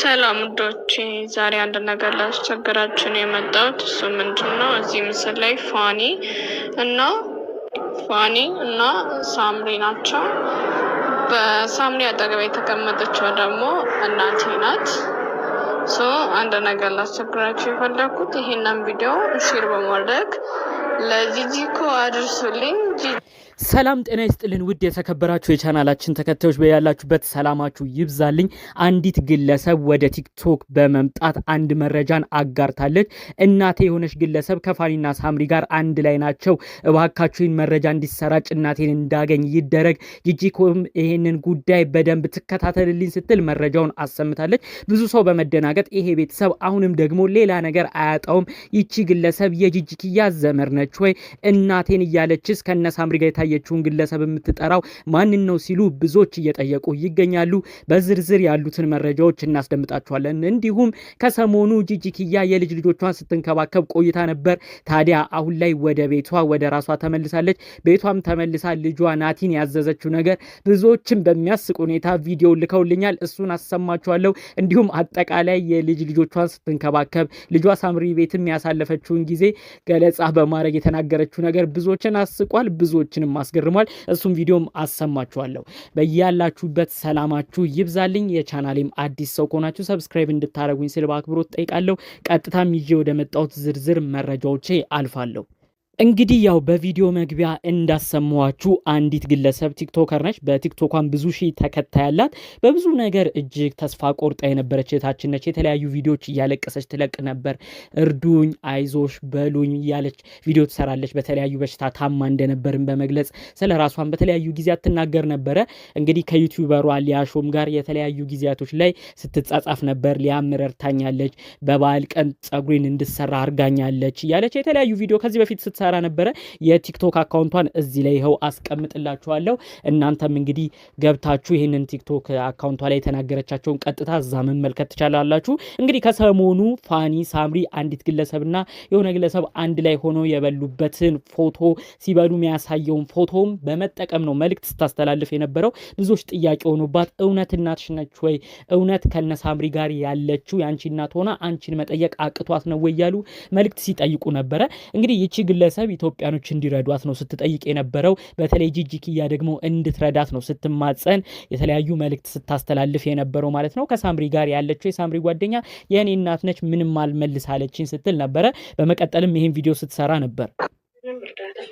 ሰላም ዶች ዛሬ አንድ ነገር ላስቸግራችሁ ነው የመጣሁት። እሱ ምንድን ነው? እዚህ ምስል ላይ ፋኒ እና ፋኒ እና ሳምሪ ናቸው። በሳምሪ አጠገብ የተቀመጠችው ደግሞ እናቴ ናት። ሶ አንድ ነገር ላስቸግራችሁ የፈለግኩት ይሄንን ቪዲዮ ሼር በማድረግ ለጂጂኮ አድርሱልኝ። ሰላም ጤና ይስጥልን ውድ የተከበራችሁ የቻናላችን ተከታዮች በያላችሁበት ሰላማችሁ ይብዛልኝ። አንዲት ግለሰብ ወደ ቲክቶክ በመምጣት አንድ መረጃን አጋርታለች። እናቴ የሆነች ግለሰብ ከፋኒና ሳምሪ ጋር አንድ ላይ ናቸው። እባካችሁን መረጃ እንዲሰራጭ እናቴን እንዳገኝ ይደረግ፣ ጂጂኮም ይህንን ጉዳይ በደንብ ትከታተልልኝ ስትል መረጃውን አሰምታለች። ብዙ ሰው በመደናገጥ ይሄ ቤተሰብ አሁንም ደግሞ ሌላ ነገር አያጣውም፣ ይቺ ግለሰብ የጂጂክያ ዘመር ነች ወይ እናቴን እያለችስ ከነ ሳምሪ ጋር ያሳየችውን ግለሰብ የምትጠራው ማንን ነው ሲሉ ብዙዎች እየጠየቁ ይገኛሉ። በዝርዝር ያሉትን መረጃዎች እናስደምጣችኋለን። እንዲሁም ከሰሞኑ ጂጂኪያ የልጅ ልጆቿን ስትንከባከብ ቆይታ ነበር። ታዲያ አሁን ላይ ወደ ቤቷ ወደ ራሷ ተመልሳለች። ቤቷም ተመልሳ ልጇ ናቲን ያዘዘችው ነገር ብዙዎችን በሚያስቅ ሁኔታ ቪዲዮ ልከውልኛል። እሱን አሰማችኋለሁ። እንዲሁም አጠቃላይ የልጅ ልጆቿን ስትንከባከብ ልጇ ሳምሪ ቤትም ያሳለፈችውን ጊዜ ገለጻ በማድረግ የተናገረችው ነገር ብዙዎችን አስቋል፣ ብዙዎችንም አስገርሟል። እሱም ቪዲዮም አሰማችኋለሁ። በያላችሁበት ሰላማችሁ ይብዛልኝ። የቻናሌም አዲስ ሰው ከሆናችሁ ሰብስክራይብ እንድታደረጉኝ ስል በአክብሮት ጠይቃለሁ። ቀጥታም ይዤ ወደ መጣሁት ዝርዝር መረጃዎቼ አልፋለሁ። እንግዲህ ያው በቪዲዮ መግቢያ እንዳሰማዋችሁ አንዲት ግለሰብ ቲክቶከር ነች። በቲክቶኳን ብዙ ሺህ ተከታይ ያላት በብዙ ነገር እጅግ ተስፋ ቆርጣ የነበረች እህታችን ነች። የተለያዩ ቪዲዮዎች እያለቀሰች ትለቅ ነበር። እርዱኝ፣ አይዞሽ በሉኝ እያለች ቪዲዮ ትሰራለች። በተለያዩ በሽታ ታማ እንደነበርን በመግለጽ ስለ ራሷን በተለያዩ ጊዜያት ትናገር ነበረ። እንግዲህ ከዩቲዩበሯ ሊያሾም ጋር የተለያዩ ጊዜያቶች ላይ ስትጻጻፍ ነበር። ሊያም ረድታኛለች፣ በበዓል ቀን ጸጉሬን እንድሰራ አርጋኛለች እያለች የተለያዩ ቪዲዮ ከዚህ በፊት ስትሰራ ኪሳራ ነበረ። የቲክቶክ አካውንቷን እዚህ ላይ ይኸው አስቀምጥላችኋለሁ። እናንተም እንግዲህ ገብታችሁ ይህንን ቲክቶክ አካውንቷ ላይ የተናገረቻቸውን ቀጥታ እዛ መመልከት ትችላላችሁ። እንግዲህ ከሰሞኑ ፋኒ ሳምሪ አንዲት ግለሰብና የሆነ ግለሰብ አንድ ላይ ሆኖ የበሉበትን ፎቶ ሲበሉ የሚያሳየውን ፎቶም በመጠቀም ነው መልእክት ስታስተላልፍ የነበረው። ብዙዎች ጥያቄ ሆኖባት እውነት እናትሽ ነች ወይ? እውነት ከነ ሳምሪ ጋር ያለችው የአንቺ እናት ሆና አንቺን መጠየቅ አቅቷት ነው ወይ? እያሉ መልእክት ሲጠይቁ ነበረ። እንግዲህ ይቺ ግለሰብ ማህበረሰብ ኢትዮጵያኖች እንዲረዷት ነው ስትጠይቅ የነበረው። በተለይ ጂጂ ደግሞ እንድትረዳት ነው ስትማጸን፣ የተለያዩ መልእክት ስታስተላልፍ የነበረው ማለት ነው። ከሳምሪ ጋር ያለችው የሳምሪ ጓደኛ የእኔ እናት ነች፣ ምንም አልመልሳለችኝ ስትል ነበረ። በመቀጠልም ይህን ቪዲዮ ስትሰራ ነበር። እንዳገኛት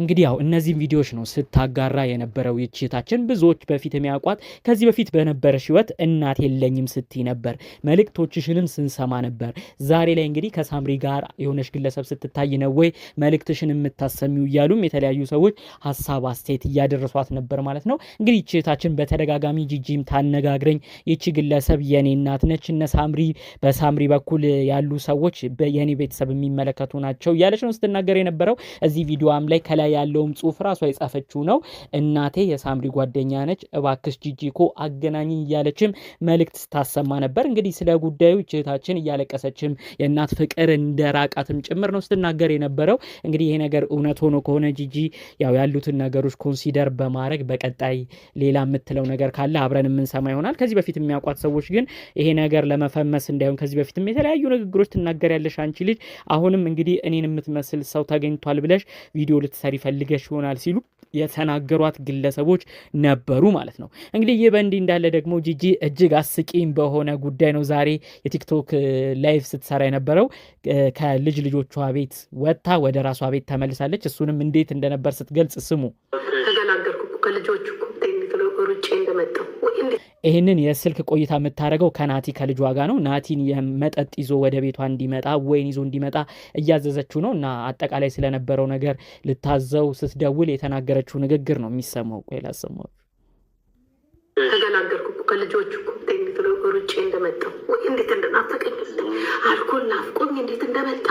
እንግዲህ ያው እነዚህም ቪዲዮዎች ነው ስታጋራ የነበረው ይችታችን ብዙዎች በፊት የሚያውቋት ከዚህ በፊት በነበረሽ ህይወት እናት የለኝም ስቲ ነበር። መልእክቶችሽንም ስንሰማ ነበር። ዛሬ ላይ እንግዲህ ከሳምሪ ጋር የሆነች ግለሰብ ስትታይ ነው ወይ መልእክትሽን የምታሰሚው እያሉም የተለያዩ ሰዎች ሀሳብ አስተያየት እያደረሷት ነበር ማለት ነው። እንግዲህ ይችታችን በተደጋጋሚ ጂጂም ታነጋግረኝ ይቺ ግለሰብ የኔ እናት ነች፣ እነ ሳምሪ በሳምሪ በኩል ያሉ ሰዎች የኔ ቤተሰብ የሚመለከቱ ናቸው እያለች ነው ስትናገር የነበረው እዚህ ቪዲዮም ላይ ከላይ ላይ ያለውም ጽሁፍ ራሷ የጻፈችው ነው። እናቴ የሳምሪ ጓደኛ ነች፣ እባክስ ጂጂኮ አገናኝኝ እያለችም መልእክት ስታሰማ ነበር። እንግዲህ ስለ ጉዳዩ እህታችን እያለቀሰችም የእናት ፍቅር እንደ ራቃትም ጭምር ነው ስትናገር የነበረው። እንግዲህ ይሄ ነገር እውነት ሆኖ ከሆነ ጂጂ ያው ያሉትን ነገሮች ኮንሲደር በማድረግ በቀጣይ ሌላ የምትለው ነገር ካለ አብረን የምንሰማ ይሆናል። ከዚህ በፊት የሚያውቋት ሰዎች ግን ይሄ ነገር ለመፈመስ እንዳይሆን ከዚህ በፊትም የተለያዩ ንግግሮች ትናገር ያለሽ አንቺ ልጅ አሁንም እንግዲህ እኔን የምትመስል ሰው ተገኝቷል ብለሽ ቪዲዮ ልትሰሪ ፈልገሽ ይሆናል ሲሉ የተናገሯት ግለሰቦች ነበሩ ማለት ነው። እንግዲህ ይህ በእንዲህ እንዳለ ደግሞ ጂጂ እጅግ አስቂኝ በሆነ ጉዳይ ነው ዛሬ የቲክቶክ ላይቭ ስትሰራ የነበረው ከልጅ ልጆቿ ቤት ወጥታ ወደ ራሷ ቤት ተመልሳለች። እሱንም እንዴት እንደነበር ስትገልጽ ስሙ ይህንን የስልክ ቆይታ የምታደርገው ከናቲ ከልጇ ጋር ነው። ናቲን የመጠጥ ይዞ ወደ ቤቷ እንዲመጣ ወይን ይዞ እንዲመጣ እያዘዘችው ነው እና አጠቃላይ ስለነበረው ነገር ልታዘው ስትደውል የተናገረችው ንግግር ነው የሚሰማው። ቆይ ላሰማው። ተገናገርኩ ከልጆቹ ሩጬ ወይ እንዴት እንደናፈቀኝ አልኮል ናፍቆኝ እንዴት እንደመጣ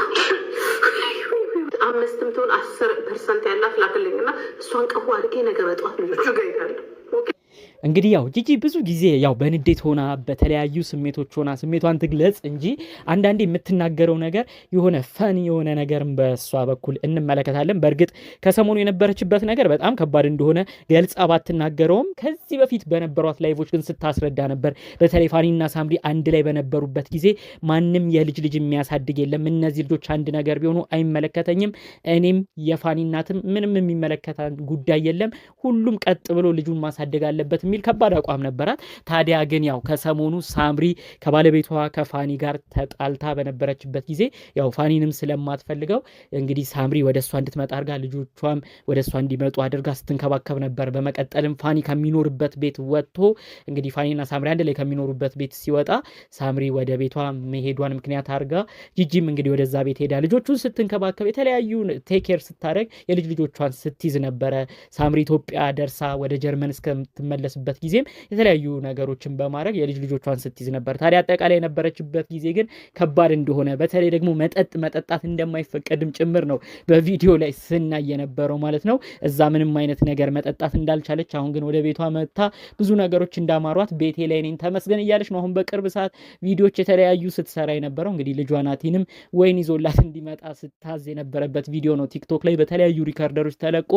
አምስትም ትሆን አስር ፐርሰንት ያላት ላክልኝና እሷን ቀዋ አድርጌ ነገ በጠዋት ልጆቹ ጋር እሄዳለሁ እንግዲህ ያው ጂጂ ብዙ ጊዜ ያው በንዴት ሆና በተለያዩ ስሜቶች ሆና ስሜቷን ትግለጽ እንጂ አንዳንዴ የምትናገረው ነገር የሆነ ፈን የሆነ ነገርም በእሷ በኩል እንመለከታለን። በእርግጥ ከሰሞኑ የነበረችበት ነገር በጣም ከባድ እንደሆነ ገልጻ ባትናገረውም ከዚህ በፊት በነበሯት ላይቮች ግን ስታስረዳ ነበር። በተለይ ፋኒና ሳምሪ አንድ ላይ በነበሩበት ጊዜ ማንም የልጅ ልጅ የሚያሳድግ የለም፣ እነዚህ ልጆች አንድ ነገር ቢሆኑ አይመለከተኝም፣ እኔም የፋኒናትም ምንም የሚመለከታ ጉዳይ የለም፣ ሁሉም ቀጥ ብሎ ልጁን ማሳደግ አለበት የሚል ከባድ አቋም ነበራት። ታዲያ ግን ያው ከሰሞኑ ሳምሪ ከባለቤቷ ከፋኒ ጋር ተጣልታ በነበረችበት ጊዜ ያው ፋኒንም ስለማትፈልገው እንግዲህ ሳምሪ ወደ እሷ እንድትመጣ አድርጋ ልጆቿም ወደ እሷ እንዲመጡ አድርጋ ስትንከባከብ ነበር። በመቀጠልም ፋኒ ከሚኖርበት ቤት ወጥቶ እንግዲህ ፋኒና ሳምሪ አንድ ላይ ከሚኖሩበት ቤት ሲወጣ ሳምሪ ወደ ቤቷ መሄዷን ምክንያት አድርጋ ጂጂም እንግዲህ ወደዛ ቤት ሄዳ ልጆቹን ስትንከባከብ የተለያዩ ቴኬር ስታደረግ የልጅ ልጆቿን ስትይዝ ነበረ። ሳምሪ ኢትዮጵያ ደርሳ ወደ ጀርመን እስከምትመለስ በምትደርስበት ጊዜም የተለያዩ ነገሮችን በማድረግ የልጅ ልጆቿን ስትይዝ ነበር። ታዲያ አጠቃላይ የነበረችበት ጊዜ ግን ከባድ እንደሆነ በተለይ ደግሞ መጠጥ መጠጣት እንደማይፈቀድም ጭምር ነው በቪዲዮ ላይ ስናይ የነበረው ማለት ነው። እዛ ምንም አይነት ነገር መጠጣት እንዳልቻለች፣ አሁን ግን ወደ ቤቷ መጥታ ብዙ ነገሮች እንዳማሯት ቤቴ ላይ ነኝ ተመስገን እያለች ነው አሁን በቅርብ ሰዓት ቪዲዮዎች የተለያዩ ስትሰራ የነበረው እንግዲህ ልጇ ናቲንም ወይን ይዞላት እንዲመጣ ስታዝ የነበረበት ቪዲዮ ነው ቲክቶክ ላይ በተለያዩ ሪከርደሮች ተለቆ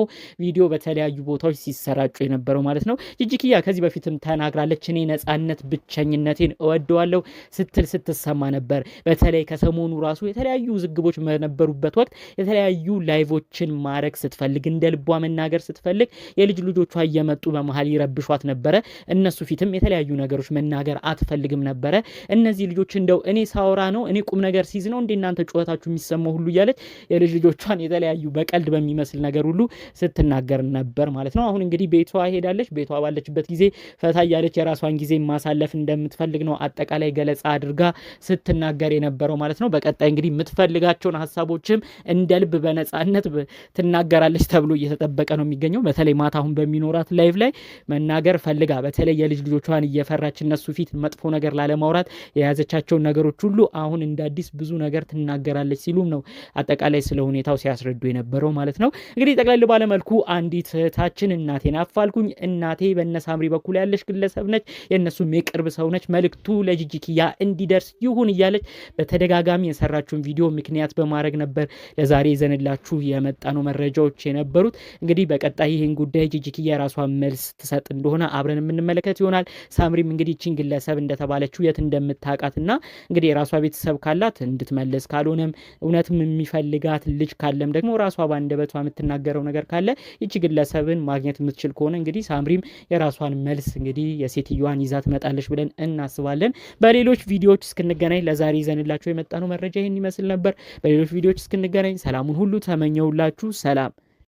ቪዲዮ በተለያዩ ቦታዎች ሲሰራጩ የነበረው ማለት ነው ጂጂኪ ሊያ ከዚህ በፊትም ተናግራለች። እኔ ነጻነት ብቸኝነቴን እወደዋለሁ ስትል ስትሰማ ነበር። በተለይ ከሰሞኑ ራሱ የተለያዩ ውዝግቦች በነበሩበት ወቅት የተለያዩ ላይቮችን ማድረግ ስትፈልግ፣ እንደ ልቧ መናገር ስትፈልግ የልጅ ልጆቿ እየመጡ በመሀል ይረብሿት ነበረ። እነሱ ፊትም የተለያዩ ነገሮች መናገር አትፈልግም ነበረ። እነዚህ ልጆች እንደው እኔ ሳወራ ነው እኔ ቁም ነገር ሲይዝ ነው እንደ እናንተ ጩኸታችሁ የሚሰማው ሁሉ እያለች የልጅ ልጆቿን የተለያዩ በቀልድ በሚመስል ነገር ሁሉ ስትናገር ነበር ማለት ነው። አሁን እንግዲህ ቤቷ ሄዳለች። ቤቷ ባለችበት በምትሆንበት ጊዜ ፈታ እያለች የራሷን ጊዜ ማሳለፍ እንደምትፈልግ ነው አጠቃላይ ገለጻ አድርጋ ስትናገር የነበረው ማለት ነው። በቀጣይ እንግዲህ የምትፈልጋቸውን ሀሳቦችም እንደ ልብ በነጻነት ትናገራለች ተብሎ እየተጠበቀ ነው የሚገኘው። በተለይ ማታ በሚኖራት ላይቭ ላይ መናገር ፈልጋ በተለይ የልጅ ልጆቿን እየፈራች እነሱ ፊት መጥፎ ነገር ላለማውራት የያዘቻቸውን ነገሮች ሁሉ አሁን እንደ አዲስ ብዙ ነገር ትናገራለች ሲሉም ነው አጠቃላይ ስለ ሁኔታው ሲያስረዱ የነበረው ማለት ነው። እንግዲህ ጠቅለል ባለመልኩ አንዲት እህታችን እናቴን አፋልኩኝ እናቴ በነሳ ሳምሪ በኩል ያለች ግለሰብ ነች፣ የእነሱም የቅርብ ሰው ነች። መልእክቱ ለጂጂ እንዲደርስ ይሁን እያለች በተደጋጋሚ የሰራችውን ቪዲዮ ምክንያት በማድረግ ነበር ለዛሬ ይዘንላችሁ የመጣ ነው መረጃዎች የነበሩት። እንግዲህ በቀጣይ ይህን ጉዳይ ጂጂ የራሷ መልስ ትሰጥ እንደሆነ አብረን የምንመለከት ይሆናል። ሳምሪም እንግዲህ ይችን ግለሰብ እንደተባለችው የት እንደምታውቃትና እንግዲህ የራሷ ቤተሰብ ካላት እንድትመለስ ካልሆነም እውነትም የሚፈልጋት ልጅ ካለም ደግሞ ራሷ በአንደበቷ የምትናገረው ነገር ካለ ይቺ ግለሰብን ማግኘት የምትችል ከሆነ እንግዲህ ሳምሪም የራ የራሷን መልስ እንግዲህ የሴትዮዋን ይዛ ትመጣለች ብለን እናስባለን። በሌሎች ቪዲዮዎች እስክንገናኝ ለዛሬ ይዘንላቸው የመጣነው መረጃ ይህን ይመስል ነበር። በሌሎች ቪዲዮዎች እስክንገናኝ ሰላሙን ሁሉ ተመኘውላችሁ። ሰላም